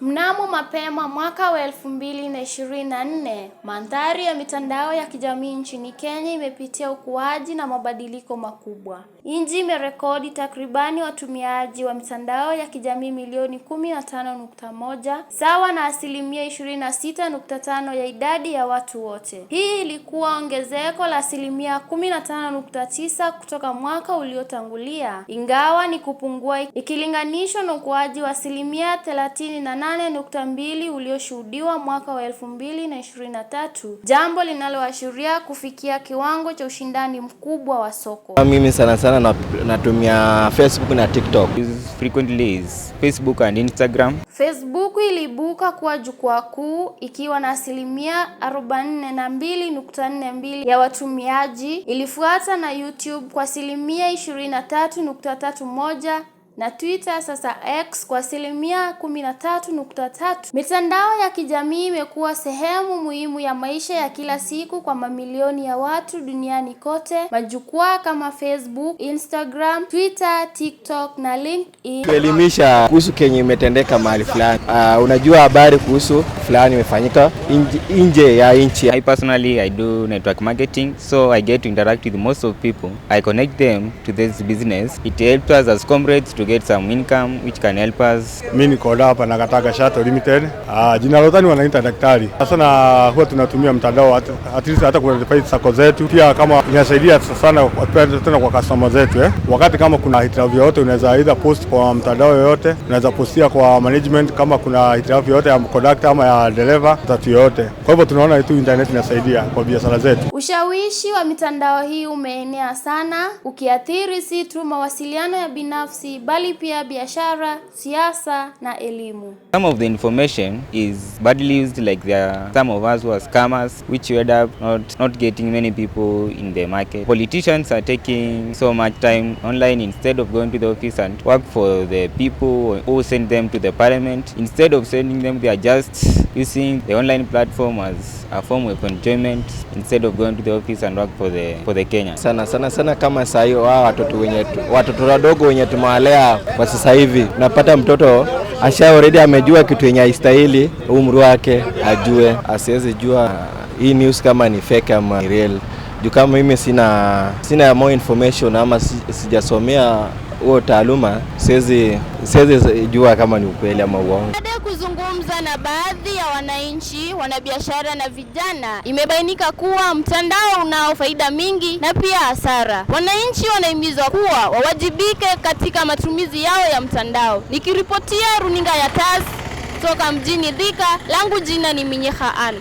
Mnamo mapema mwaka wa elfu mbili na ishirini na nne, mandhari ya mitandao ya kijamii nchini Kenya imepitia ukuaji na mabadiliko makubwa. Nchi imerekodi takribani watumiaji wa mitandao ya kijamii milioni 151 sawa na asilimia 265 ya idadi ya watu wote. Hii ilikuwa ongezeko la asilimia 159 kutoka mwaka uliotangulia, ingawa ni kupungua ikilinganishwa na ukuaji wa asilimia 38 8.2 ulioshuhudiwa mwaka wa 2023, jambo linaloashiria kufikia kiwango cha ushindani mkubwa wa soko. Mimi sana sana natumia Facebook na TikTok. Frequently is Facebook and Instagram. Facebook iliibuka kuwa jukwaa kuu ikiwa na asilimia 44.42 ya watumiaji, ilifuata na YouTube kwa asilimia 23.31 na Twitter sasa X kwa asilimia kumi tatu Mitandao ya kijamii imekuwa sehemu muhimu ya maisha ya kila siku kwa mamilioni ya watu duniani kote. Majukwaa kama Facebook, Instagram, Twitter, TikTok na LinkedIn kuelimisha kuhusu kenye imetendeka mahali fulani. Uh, unajua habari kuhusu fulani imefanyika nje ya nchi. I personally I do network marketing so I get to interact with most of people. I connect them to this business. It helps us as comrades to get some income which can help us. Mimi niko hapa na Kataka Shuttle Limited. Ah, jina lotani wanaita daktari. Sasa na huwa tunatumia mtandao at, at least hata kwa verify sako zetu pia, kama inasaidia sana tena kwa customer zetu eh. Wakati kama kuna hitilafu yote unaweza either post kwa mtandao yoyote, unaweza postia kwa management kama kuna hitilafu yoyote ya conductor ama ya dereva tatu yoyote. Kwa hivyo tunaona tu internet inasaidia kwa biashara zetu. Ushawishi wa mitandao hii umeenea sana ukiathiri si tu mawasiliano ya binafsi bali bali pia biashara, siasa na elimu. Some of the information is badly used like there are some of us were scammers which end up not, not getting many people in the market. Politicians are taking so much time online instead of going to the office and work for the people or send them to the parliament. Instead of sending them they are just using the online platform as a form of enjoyment instead of going to the office and work for the, for the Kenya. Sana sana sana kama sayo wa watoto wenye watoto wadogo wenye tumewalea kuangalia kwa sasa hivi, napata mtoto asha already amejua kitu yenye haistahili, umri wake ajue, asiwezi jua uh, hii news kama ni fake ama ni real, juu kama mimi sina sina more information ama sijasomea huo taaluma, siwezi jua kama ni ukweli ama uongo kuzungumza na baadhi ya wananchi, wanabiashara na vijana, imebainika kuwa mtandao unao faida mingi na pia hasara. Wananchi wanahimizwa kuwa wawajibike katika matumizi yao ya mtandao. Nikiripotia runinga ya TAS kutoka mjini Dhika, langu jina ni Minyeha Al.